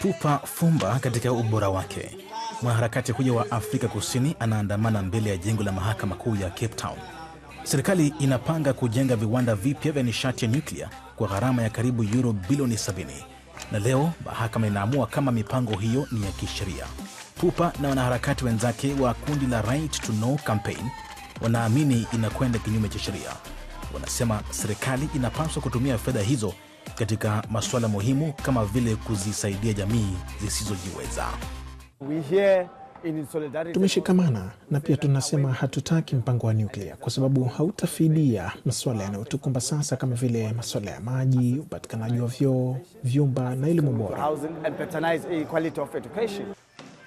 Pupa Fumba katika ubora wake. Mwanaharakati huyo wa Afrika Kusini anaandamana mbele ya jengo la mahakama kuu ya Cape Town. Serikali inapanga kujenga viwanda vipya vya nishati ya nyuklia kwa gharama ya karibu yuro bilioni 70, na leo mahakama inaamua kama mipango hiyo ni ya kisheria. Pupa na wanaharakati wenzake wa kundi la Right to Know campaign wanaamini inakwenda kinyume cha sheria. Wanasema serikali inapaswa kutumia fedha hizo katika masuala muhimu kama vile kuzisaidia jamii zisizojiweza. Tumeshikamana na pia tunasema hatutaki mpango wa nyuklia kwa sababu hautafidia masuala yanayotukumba sasa kama vile masuala ya maji, upatikanaji wa vyoo, vyumba na elimu bora.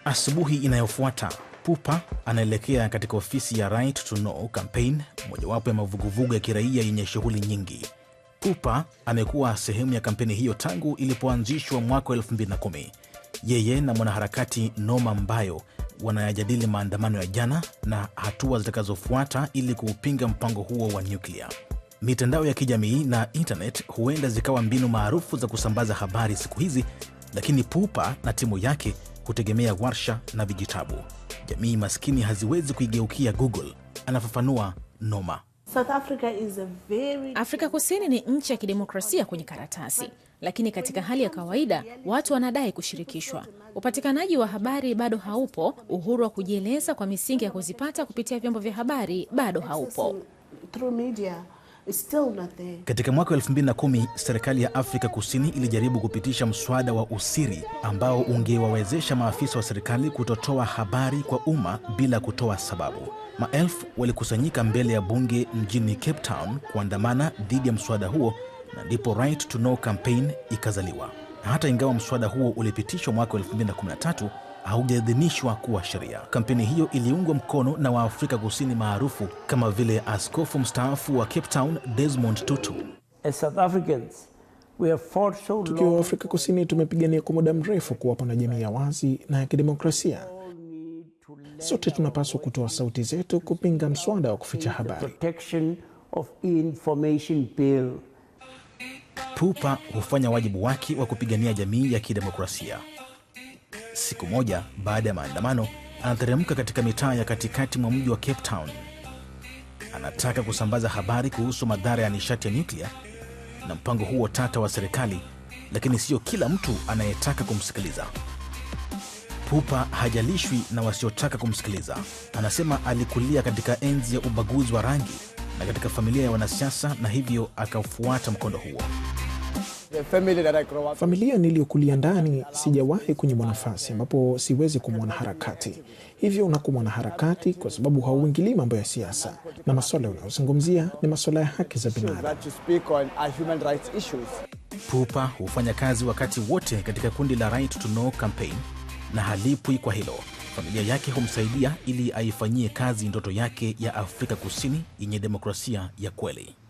Asubuhi inayofuata Pupa anaelekea katika ofisi ya Right to Know campaign, mojawapo ya mavuguvugu ya kiraia yenye shughuli nyingi. Upa amekuwa sehemu ya kampeni hiyo tangu ilipoanzishwa mwaka 2010. Yeye na mwanaharakati Noma Mbayo wanayajadili maandamano ya jana na hatua zitakazofuata ili kuupinga mpango huo wa nyuklia. Mitandao ya kijamii na internet huenda zikawa mbinu maarufu za kusambaza habari siku hizi, lakini Pupa na timu yake hutegemea warsha na vijitabu. Jamii maskini haziwezi kuigeukia Google, anafafanua Noma. South Africa is a very... Afrika Kusini ni nchi ya kidemokrasia kwenye karatasi, lakini katika hali ya kawaida watu wanadai kushirikishwa. Upatikanaji wa habari bado haupo, uhuru wa kujieleza kwa misingi ya kuzipata kupitia vyombo vya habari bado haupo. Katika mwaka 2010 serikali ya Afrika Kusini ilijaribu kupitisha mswada wa usiri ambao ungewawezesha maafisa wa serikali kutotoa habari kwa umma bila kutoa sababu. Maelfu walikusanyika mbele ya bunge mjini Cape Town kuandamana dhidi ya mswada huo na ndipo Right to Know campaign ikazaliwa. Hata ingawa mswada huo ulipitishwa mwaka 2013 haujaidhinishwa kuwa sheria. Kampeni hiyo iliungwa mkono na Waafrika Kusini maarufu kama vile askofu mstaafu wa Cape Town Desmond Tutu. As South Africans, we have fought so tukiwa Kusini tumepigania kwa muda mrefu kuwapa na jamii ya wazi na ya kidemokrasia. Sote tunapaswa kutoa sauti zetu kupinga mswada wa kuficha habari. Pupa hufanya wajibu wake wa kupigania jamii ya kidemokrasia siku moja baada ya maandamano, anateremka katika mitaa ya katikati mwa mji wa Cape Town. Anataka kusambaza habari kuhusu madhara ya nishati ya nyuklia na mpango huo tata wa serikali, lakini sio kila mtu anayetaka kumsikiliza. Pupa hajalishwi na wasiotaka kumsikiliza. Anasema alikulia katika enzi ya ubaguzi wa rangi na katika familia ya wanasiasa, na hivyo akafuata mkondo huo. Familia niliyokulia ndani, sijawahi kunyimwa nafasi ambapo siwezi kumwona harakati Hivyo unakuwa mwanaharakati kwa sababu hauingilii mambo ya siasa, na maswala unayozungumzia ni maswala ya haki za binadamu. Uh, Pupa hufanya kazi wakati wote katika kundi la Right to Know campaign na halipwi kwa hilo. Familia yake humsaidia ili aifanyie kazi ndoto yake ya Afrika Kusini yenye demokrasia ya kweli.